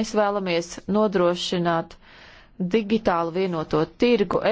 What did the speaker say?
Mēs vēlamies nodrošināt digitālu vienoto tirgu.